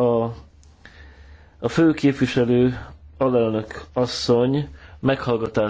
a, a fő képviselő alelnök asszony meghallgatás